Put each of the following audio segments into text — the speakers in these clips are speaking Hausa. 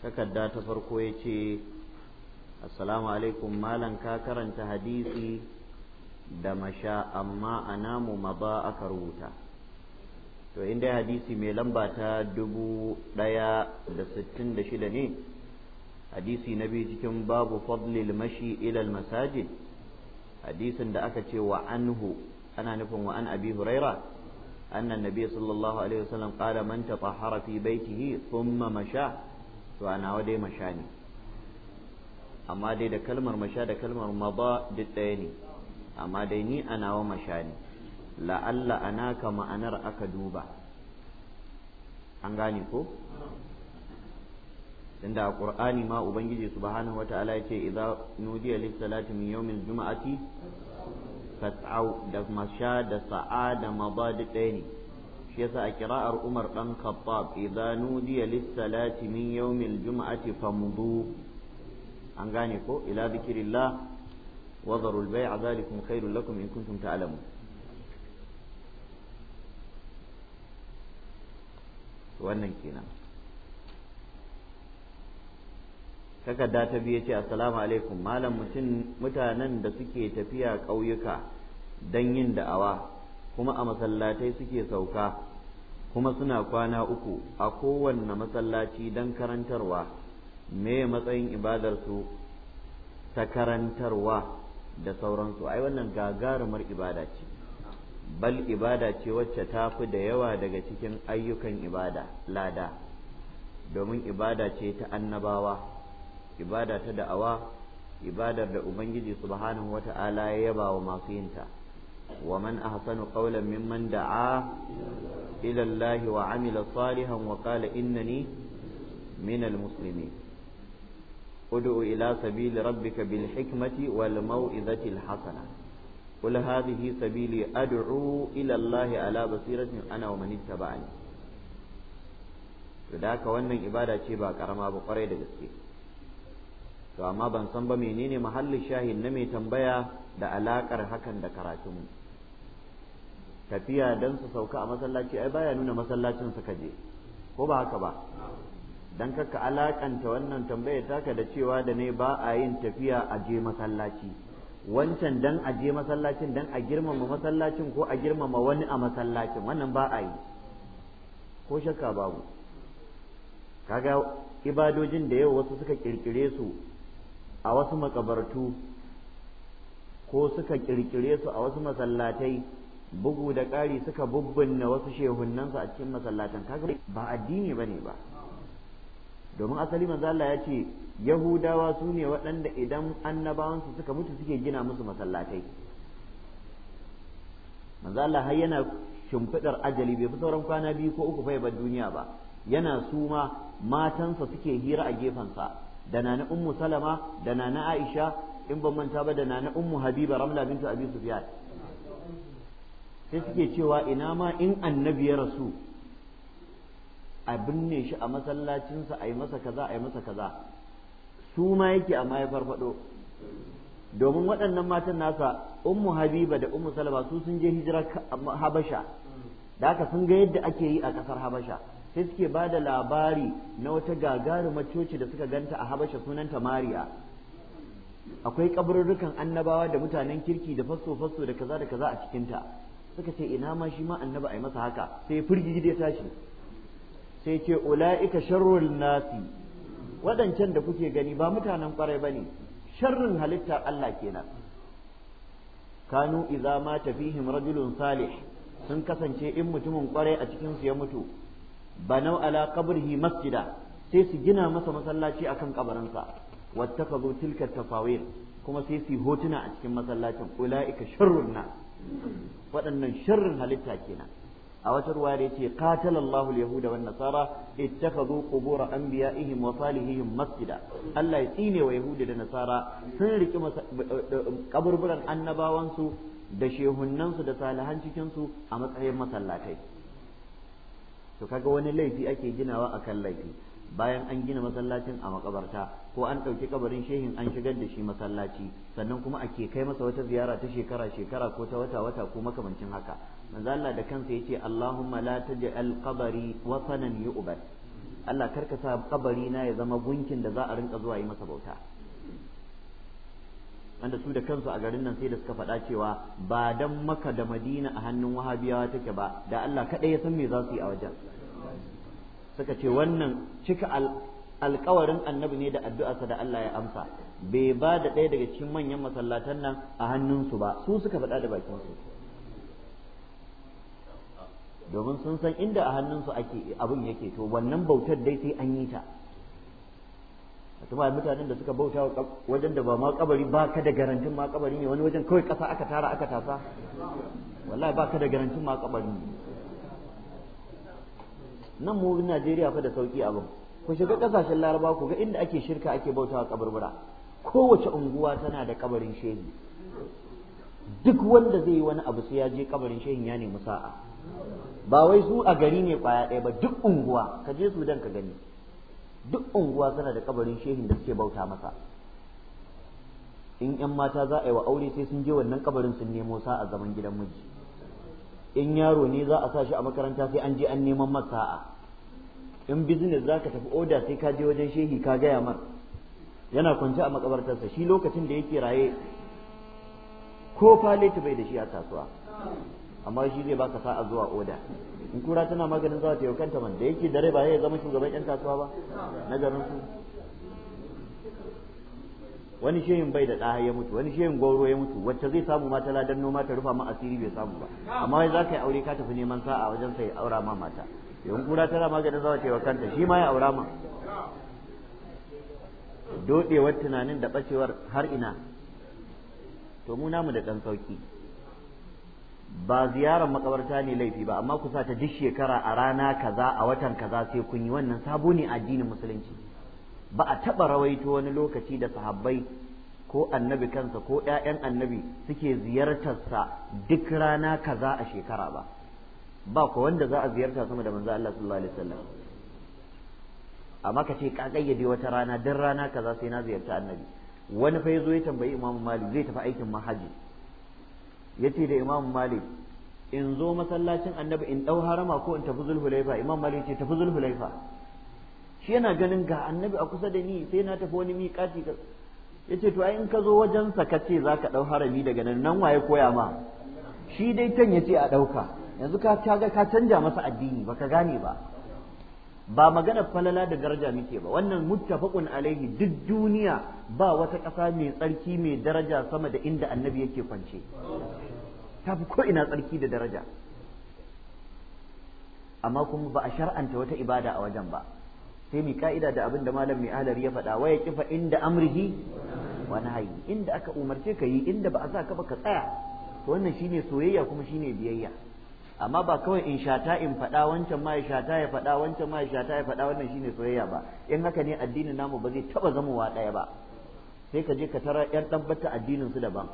takarda ta farko ya ce assalamu alaikum malam ka karanta hadisi da masha amma a namu maza aka rubuta to inda hadisi mai lamba ta dubu ɗaya da sittin da shida ne hadisi na biyu cikin babu fadlil mashi ilal masajid hadisin da aka ce wa anhu ana nufin wa an abi huraira annan nabi sallallahu alaihi wasallam qala man tatahhara fi baitihi thumma masha to a nawa dai masha ne amma dai da kalmar masha da kalmar maba duk ɗaya ne amma dai ni a nawa masha ne la'alla ka ma'anar aka duba an gane ko tunda a qur'ani ma ubangiji subhanahu wataala yace idza nudiya lis salati min yawmil juma'ati fas'au da masha da sa'a da maba duk ɗaya ne shi yasa a kira Umar dan Khattab idza nudiya lis-salati min yawmil jum'ati famdu an gane ko ila dhikrillah wa dharul bai'a zalikum wannan kenan ta biya ce assalamu alaikum malam mutum mutanen da suke tafiya ƙauyuka don yin da'awa kuma a masallatai suke sauka kuma suna kwana uku a kowanne masallaci don karantarwa me matsayin ibadarsu ta karantarwa da sauransu ai wannan gagarumar ibada ce bal ibada ce wacce ta fi da yawa daga cikin ayyukan ibada lada domin ibada ce ta annabawa ibada ta da'awa ibadar da ubangiji subhanahu wata'ala ya yaba wa masu yinta ومن أحسن قولا ممن دعا إلى الله وعمل صالحا وقال إنني من المسلمين ادع إلى سبيل ربك بالحكمة والموئذة الحسنة قل هذه سبيلي أدعو إلى الله على بصيرة أنا ومن اتبعني فذاك وأن إبادة شبا كرما بقرية جسكي to amma ban san ba menene mahallin shahin na mai tambaya da alakar hakan da karatunmu tafiya dan su sauka a masallaci ai baya nuna masallacin suka je ko ba haka ba dan kaka alakanta wannan tambayar taka da cewa da ne ba a yin tafiya a je masallaci wancan dan a je masallacin dan a girmama masallacin ko a girmama wani a masallacin wannan ba a yi ko shakka babu kaga ibadojin da yau wasu suka kirkire su a wasu makabartu ko suka kirkire su a wasu masallatai bugu da ƙari suka bubbunna wasu shehunnansu a cikin masallatan kaga ba addini bane ba domin asali manzo Allah ya ce yahudawa su ne waɗanda idan annabawansu suka mutu suke gina musu masallatai manzo Allah har yana shimfidar ajali bai fi sauran kwana biyu ko uku fa bar duniya ba yana suma matansa suke hira a sa. da nana ummu salama da nana aisha in ban manta ba da nana ummu habiba ramla bintu abi sufyan sai suke cewa ina ma in annabi ya rasu a binne shi a masallacinsa a yi masa kaza a yi masa kaza su ma yake amma ya farfado domin waɗannan matan nasa ummu habiba da ummu salama su sun je hijira habasha da aka sun ga yadda ake yi a ƙasar habasha sai suke ba da labari na wata gagarumar coci da suka ganta a habasha sunanta mariya akwai kabarurrukan annabawa da mutanen kirki da fasto fasto da kaza da kaza a cikinta suka ce ina ma shi ma annabi ai masa haka sai firgigi da tashi sai ce ula'ika sharrul nasi wadancan da kuke gani ba mutanen kwarai bane sharrin halitta Allah kenan kanu idza mata fihim rajulun salih sun kasance in mutumin kwarai a cikin su ya mutu banau ala qabrihi masjida sai su gina masa masallaci akan kabarinsa wattakazu tilka tafawil kuma sai su hotuna a cikin masallacin ula'ika sharrun nas waɗannan sharrin halitta kenan a wata ruwa da yace qatalallahu alyahuda wan nasara ittakhadhu qubur anbiya'ihim wa salihihim masjida Allah ya tsine wa yahudi da nasara sun riki eh, eh, kaburburan annabawansu da shehunnansu da salihan cikinsu a matsayin masallatai to kaga wani laifi ake ginawa akan laifi bayan an gina masallacin a makabarta ko an ɗauki kabarin shehin an shigar da shi masallaci sannan kuma ake kai masa wata ziyara ta shekara shekara ko ta wata wata ko makamancin haka manzo Allah da kansa yace Allahumma la taj'al qabari wasanan yu'bad Allah karka sa kabari na ya zama gunkin da za a rinka zuwa yi masa bauta wanda su da kansu a garin nan sai da suka faɗa cewa ba dan maka da madina a hannun wahabiyawa take ba da Allah kaɗai ya san me za su yi a wajen suka ce wannan cika alkawarin annabi ne da addu'arsa da Allah ya amsa bai ba da ɗaya daga cikin manyan masallatan nan a hannunsu ba su suka faɗa da bakinsu domin sun san inda a hannunsu ake abin yake to wannan bautar dai sai an yi ta kuma mutanen da suka bauta wajen da ba ma kabari ba ka da garantin ma kabari ne wani wajen kawai ƙasa aka tara aka tasa wallahi ba ka da garantin ma kabari ne nan mu Najeriya fa da sauki abin ku shiga kasashen laraba ku ga inda ake shirka ake bautawa kaburbura kowace unguwa tana da kabarin shehi duk wanda zai yi wani abu sai ya je kabarin shehin ya nemi sa'a ba wai su a gari ne kwaya ɗaya ba duk unguwa ka je su dan ka gani duk unguwa suna da kabarin shehin da suke bauta masa in yan mata za a yi wa aure sai sun je wannan kabarin sun nemo sa'a zaman gidan miji in yaro ne za a sa shi a makaranta sai an je an neman masa sa'a in business ka tafi oda sai ka je wajen shehi ka gaya mar yana kwance a makabartarsa shi lokacin da yake raye ko faleti bai da shi a kasuwa amma shi zai baka sa'a zuwa oda in kura tana maganin zawa ta yaukanta man da yake dare ba ya zama shugaban yan kasuwa ba na garin su wani shehin bai da ɗaya ya mutu wani shehin gwauro ya mutu wacce zai samu mata ladan noma ta rufa ma asiri bai samu ba amma wai za ka yi aure ka tafi neman sa'a wajen sai aura ma mata yawan kura tana maganin zawa cewa kanta shi ma ya aura ma dodewar tunanin da bacewar har ina to mu namu da ɗan sauki ba ziyarar makabarta ne laifi ba amma ku sa ta duk shekara a rana kaza a watan kaza sai kun yi wannan sabo ne addinin musulunci ba a taɓa rawaito wani lokaci da sahabbai ko annabi kansa ko ‘ya'yan annabi suke ziyartarsa duk rana kaza a shekara ba ba ko wanda za a ziyarta sama da manzo Allah sallallahu alaihi wasallam amma ka ce ka kayyade wata rana duk rana kaza sai na ziyarta annabi wani fa yazo ya tambayi Imam Malik zai tafi aikin mahaji yace da Imam Malik in zo masallacin annabi in dau harama ko in tafi zulhulaifa Imam Malik ce tafi zulhulaifa shi yana ganin ga annabi a kusa da ni sai na tafi wani miƙati ka ce to ai in ka zo wajen sa ka ce za ka ɗau harami daga nan nan waye koya ma shi dai can ya ce a ɗauka. yanzu ka kaga ka canja masa addini baka gane ba ba magana falala da daraja muke ba wannan muttafaqun alaihi duk duniya ba wata ƙasa mai tsarki mai daraja sama da inda annabi yake kwance ta fi ko ina tsarki da daraja amma kuma ba a shar'anta wata ibada a wajen ba sai mai ka'ida da abin da malam mai ahalari ya faɗa waya kifa inda amrihi wa nahyi inda aka umarce ka yi inda ba a sa ka ba ka tsaya to wannan shine soyayya kuma shine biyayya amma ba kawai in shata in faɗa wancan ma ya shata ya faɗa wancan ma ya shata ya faɗa wannan shine soyayya ba in haka ne addinin namu ba zai taɓa zamowa ɗaya ba sai ka je ka tara yan tabbata addinin su daban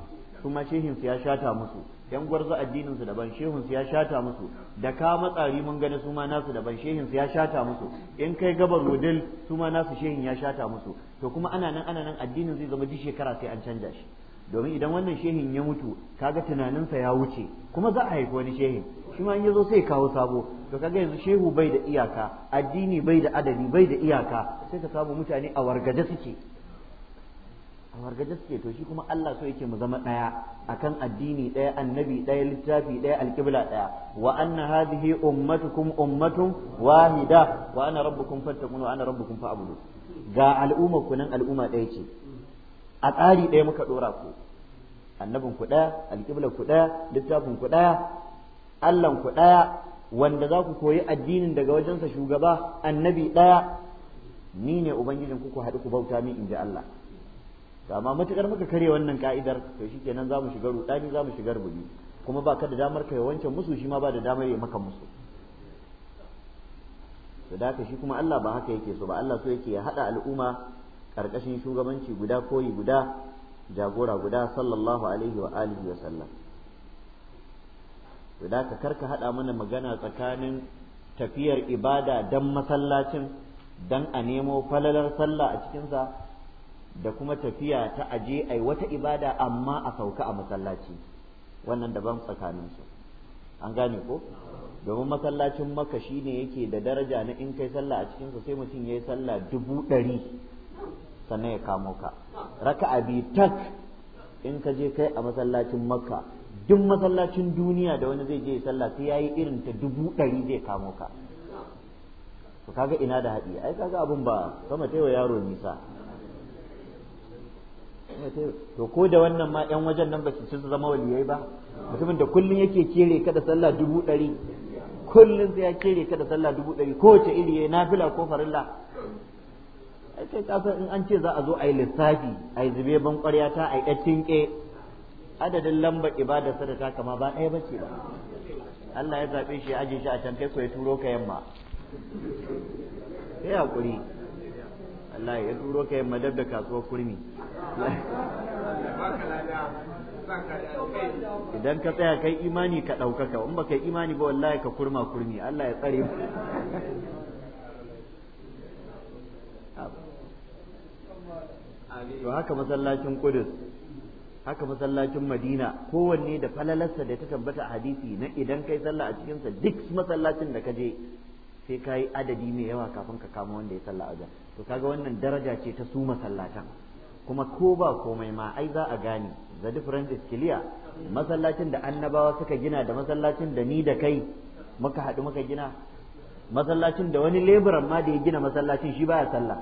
su ma shehin su ya shata musu yan gwarzo addinin su daban shehin su ya shata musu da ka matsari mun gani su ma nasu daban shehin su ya shata musu in kai gabar wudil su ma nasu shehin ya shata musu to kuma ana nan ana nan addinin zai zama duk shekara sai an canja shi domin idan wannan shehin ya mutu kaga tunaninsa ya wuce kuma za a haifi wani shehin shi ma in ya zo sai kawo sabo to kaga yanzu shehu bai da iyaka addini bai da adadi bai da iyaka sai ka samu mutane a wargaje suke a wargaje suke to shi kuma Allah so yake mu zama daya akan addini daya annabi daya littafi daya alqibla daya wa anna hadhihi ummatukum ummatun wahida wa ana rabbukum fattaqun wa ana rabbukum fa'budu ga al'umma ku nan al'umma daya ce a tsari daya muka dora ku annabin ku daya alqibla ku daya littafin ku daya Allahn ku daya wanda za ku koyi addinin daga wajensa shugaba annabi daya ni ne ubangijin ku ku haɗu ku bauta min inji Allah to amma matukar muka kare wannan ka'idar to shikenan mu shiga rudani mu shiga rubuni kuma ba ka da damar ka wancan musu shi ma ba da damar ya maka musu to da shi kuma Allah ba haka yake so ba Allah so yake ya hada al'umma karkashin shugabanci guda koyi guda jagora guda sallallahu alaihi wa alihi wa sallam to da karka hada mana magana tsakanin tafiyar ibada dan masallacin dan a nemo falalar sallah a cikinsa da kuma tafiya ta aje ai wata ibada amma a sauka a masallaci wannan daban tsakaninsu an gane ko domin masallacin maka shine yake da daraja na in kai sallah a cikinsa sai mutum ya yi sallah dubu ɗari sannan ya kamo ka raka'a biyu tak in ka je kai a masallacin makka duk masallacin duniya da wani zai je sallah sai yayi irin ta dubu ɗari zai kamo ka to kaga ina da haɗi ai kaga abun ba sama wa yaro nisa to ko da wannan ma yan wajen nan ba su ci su zama waliyai ba mutumin da kullun yake kere ka da sallah dubu ɗari kullun sai ya kere ka da sallah dubu ɗari kowace iri ya fila ko farilla ai kai in an ce za a zo a yi lissafi a yi zube ban ƙwarya ta a yi ɗacin adadin lambar ibada ta kama ba ɗaya bace ba Allah ya zaɓe shi ya aje shi a can kai so ya turo ka yamma sai hakuri Allah ya turo ka yamma da kasuwar kurmi idan ka tsaya kai imani ka ɗaukaka in baka imani ba wallahi ka kurma kurmi Allah ya tsare to haka masallacin Qudus haka masallacin Madina kowanne da falalarsa da ta tabbata a hadisi na idan kai sallah a cikinsa duk masallacin da ka je sai ka yi adadi mai yawa kafin ka kama wanda ya salla a wajen to kaga wannan daraja ce ta su masallatan kuma ko ba komai ma ai za a gane the difference is clear masallacin da annabawa suka gina da masallacin da ni da kai muka haɗu muka gina masallacin da wani leburan ma da ya gina masallacin shi baya sallah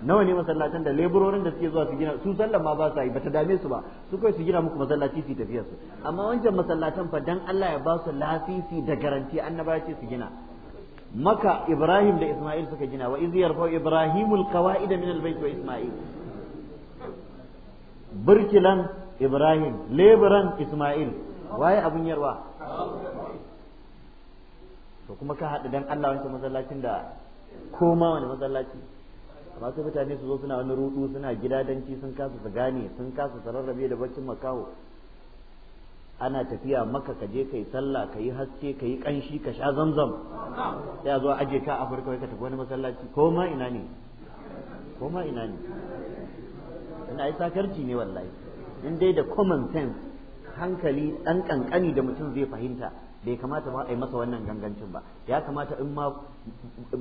nawa ne masallacin da leburorin da suke zuwa su gina su sallan ma ba sa yi bata dame su ba su kai su gina muku masallaci su tafiya su amma wancan masallacin fa dan Allah ya ba su lasisi da garanti annabawa ce su gina maka ibrahim da isma'il suka gina wa iz yarfa ibrahimul qawa'ida min albayt wa isma'il Birkilan ibrahim leburan isma'il waye abun yarwa to kuma ka haɗu dan Allah wancan masallacin da koma wani masallaci amma sai mutane su zo suna wani rudu suna gidadanci sun kasa su gane sun kasa su da baccin makaho ana tafiya maka ka je kai sallah ka yi haske ka yi ƙanshi ka sha zamzam sai a zo aje ka a farko ka tafi wani masallaci ko ma ina ne ko ma ina ne ina ai sakarci ne wallahi in dai da common sense hankali ɗan ƙanƙani da mutum zai fahimta bai kamata ba a yi masa wannan gangancin ba ya kamata in ma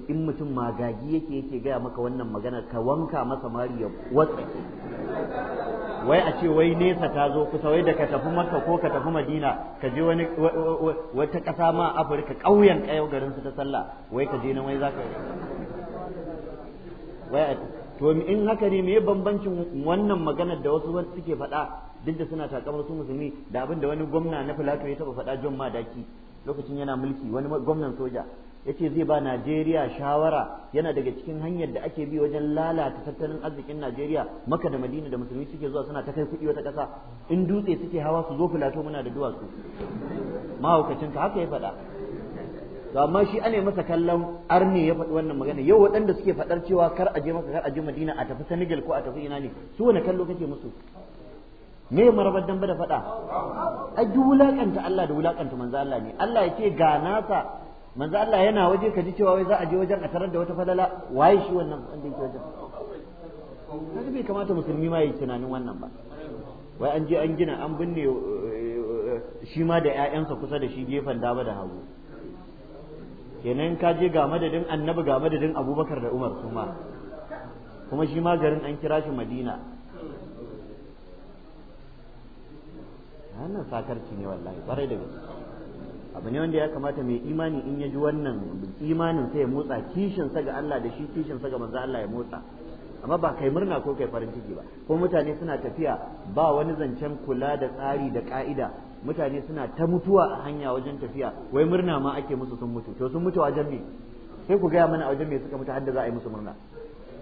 in mutum magagi yake yake gaya maka wannan magana ka wanka masa mari ya watsake wai a ce wai nesa ta zo kusa wai da ka tafi maka ko ka tafi madina ka je wani wata ƙasa ma afirka ƙauyen ƙayau garin su ta sallah wai ka je nan wai zaka wai to in haka ne me bambancin wannan maganar da wasu suke faɗa duk da suna takamar su musulmi da abin da wani gwamna na filato ya taba faɗa John Madaki lokacin yana mulki wani gwamnan soja yace zai ba Najeriya shawara yana daga cikin hanyar da ake bi wajen lalata tattalin arzikin Najeriya maka da Madina da musulmi suke zuwa suna ta kai kuɗi wata ƙasa in dutse suke hawa su zo filato muna da duwatsu mahaukacin ka haka ya faɗa to amma shi ane masa kallon arne ya faɗi wannan magana yau waɗanda suke faɗar cewa kar a je maka kar a je Madina a tafi Senegal ko a tafi ina ne su wani kallo kake musu me marabar dan da faɗa a duk Allah da wulaƙanta manzo Allah ne Allah ya ce ga nasa manzo Allah yana waje ka ji cewa wai za a je wajen a tarar da wata falala waye shi wannan an yake wajen kaga bai kamata musulmi ma yi tunanin wannan ba wai an je an gina an binne eh, eh, shi ma da ƴaƴansa kusa da shi gefen dama da hagu kenan ka je ga madadin annabi ga madadin abubakar da umar kuma kuma shi ma garin an kira shi madina wannan sakarci ne wallahi kwarai da gaske abu ne wanda ya kamata mai imani in ya ji wannan imanin sai ya motsa kishin sa ga Allah da shi kishin sa ga manzo Allah ya motsa amma ba kai murna ko kai farin ciki ba ko mutane suna tafiya ba wani zancen kula da tsari da ka'ida mutane suna ta mutuwa a hanya wajen tafiya wai murna ma ake musu sun mutu to sun mutu wajen me sai ku gaya mana a wajen me suka mutu da za a yi musu murna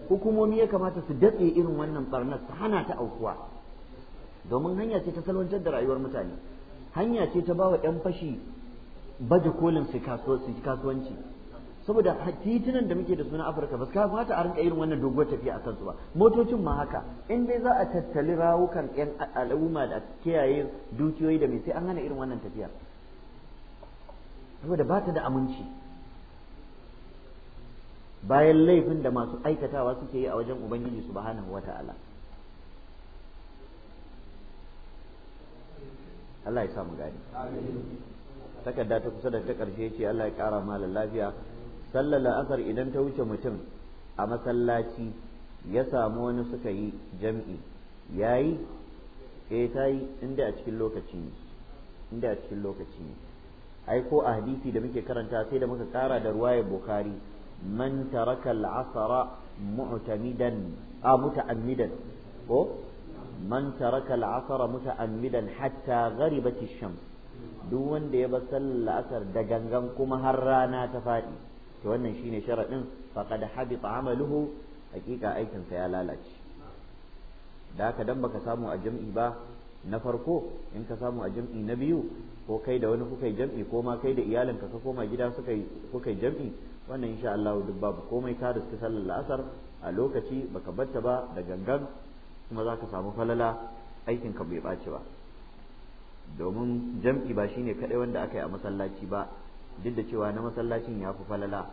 hukumomi ya kamata su datse irin wannan barnar su hana ta aukuwa domin hanya ce ta salwantar da rayuwar mutane hanya ce ta bawa yan fashi baje kolin su kasuwanci saboda titunan da muke da suna afirka ba su kafa a rinka irin wannan doguwar tafiya a kansu ba motocin ma haka in dai za a tattali rawukan yan al'umma da kiyaye dukiyoyi da mai sai an hana irin wannan tafiya saboda ba ta da aminci bayan laifin da masu aikatawa suke yi a wajen ubangiji subhanahu ala. Allah ya samu gani takarda ta kusa da ta karshe ce Allah ya kara malam lafiya sallar la'asar idan ta wuce mutum a masallaci ya samu wani suka yi jam'i yayi eh ta yi inda a cikin lokaci ne inda a cikin lokaci ne ai ko a hadisi da muke karanta sai da muka kara da ruwaya bukhari man taraka al mu'tamidan a muta'ammidan ko man taraka al'asar muta'ammidan hatta gharibat ash-shams duk wanda ya bar sallar asar da gangan kuma har rana ta faɗi to wannan shine sharadin faqad habita amaluhu hakika aikin sa ya lalace da haka dan baka samu a jam'i ba na farko in ka samu a jam'i na biyu ko kai da wani kuka yi jam'i ko ma kai da iyalinka ka koma gida suka yi kuka yi jam'i wannan insha Allah duk babu komai ka riski sallar la'asar a lokaci baka batta ba da gangan kuma za ka samu falala aikinka bai ɓaci ba domin jam'i ba shine kaɗai wanda aka yi a masallaci ba duk da cewa na masallacin ya fi falala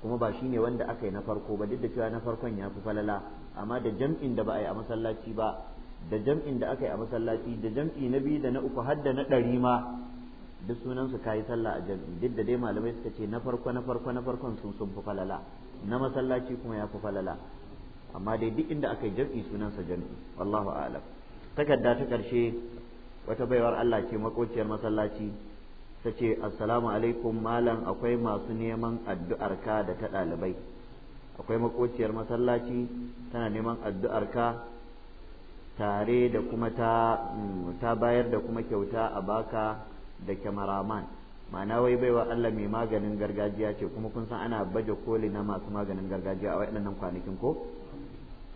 kuma ba shine wanda aka yi na farko ba duk da cewa na farkon ya fi falala amma da jam'in da ba a yi a masallaci ba da jam'in da aka yi a masallaci da jam'i na biyu da na uku har da na ɗari ma duk sunansu ka yi sallah a jam'i duk da dai malamai suka ce na farko na farko na farkon sun sun fi falala na masallaci kuma ya fi falala amma dai duk inda aka yi jam'i sunansa jam'i wallahu a'lam takarda ta karshe wata baiwar Allah ce makociyar masallaci ta ce assalamu alaikum malam akwai masu neman addu'ar ka da ta ɗalibai akwai makociyar masallaci tana neman addu'ar ka tare da kuma ta mm, ta bayar da kuma kyauta a baka da kyamaraman ma'ana wai baiwa Allah mai maganin gargajiya ce kuma kun san ana baje koli na masu maganin gargajiya a waɗannan kwanakin ko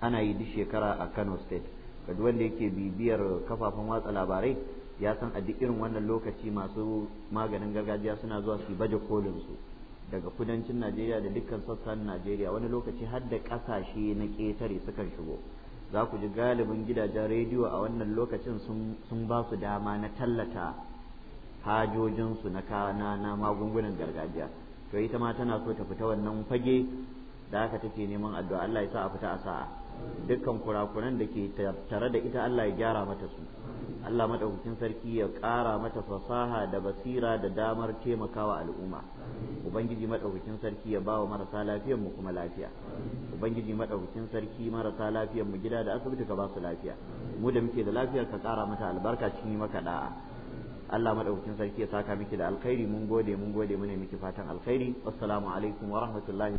ana yi duk shekara a Kano state kaji wanda yake bibiyar kafafen watsa labarai ya san a duk irin wannan lokaci masu maganin gargajiya suna zuwa su baje kolin su daga kudancin Najeriya da dukkan sassan Najeriya wani lokaci har da kasashe na ƙetare sukan shigo za ku ji galibin gidajen rediyo a wannan lokacin sun ba su dama na tallata hajojinsu na kana na magungunan gargajiya to ita ma tana so ta fita wannan fage da haka take neman addu'a Allah ya sa a fita a sa'a dukkan kurakuran da ke tare da ita Allah ya gyara mata su Allah madaukakin sarki ya ƙara mata fasaha da basira da damar taimakawa al'umma ubangiji madaukakin sarki ya bawa marasa lafiyar mu kuma lafiya ubangiji madaukakin sarki marasa lafiyar mu gida da asibiti ka ba su lafiya mu da muke da lafiyar ka ƙara mata albarka cikin maka da'a Allah madaukakin sarki ya saka miki da alkhairi mun gode mun gode muna miki fatan alkhairi assalamu alaikum wa rahmatullahi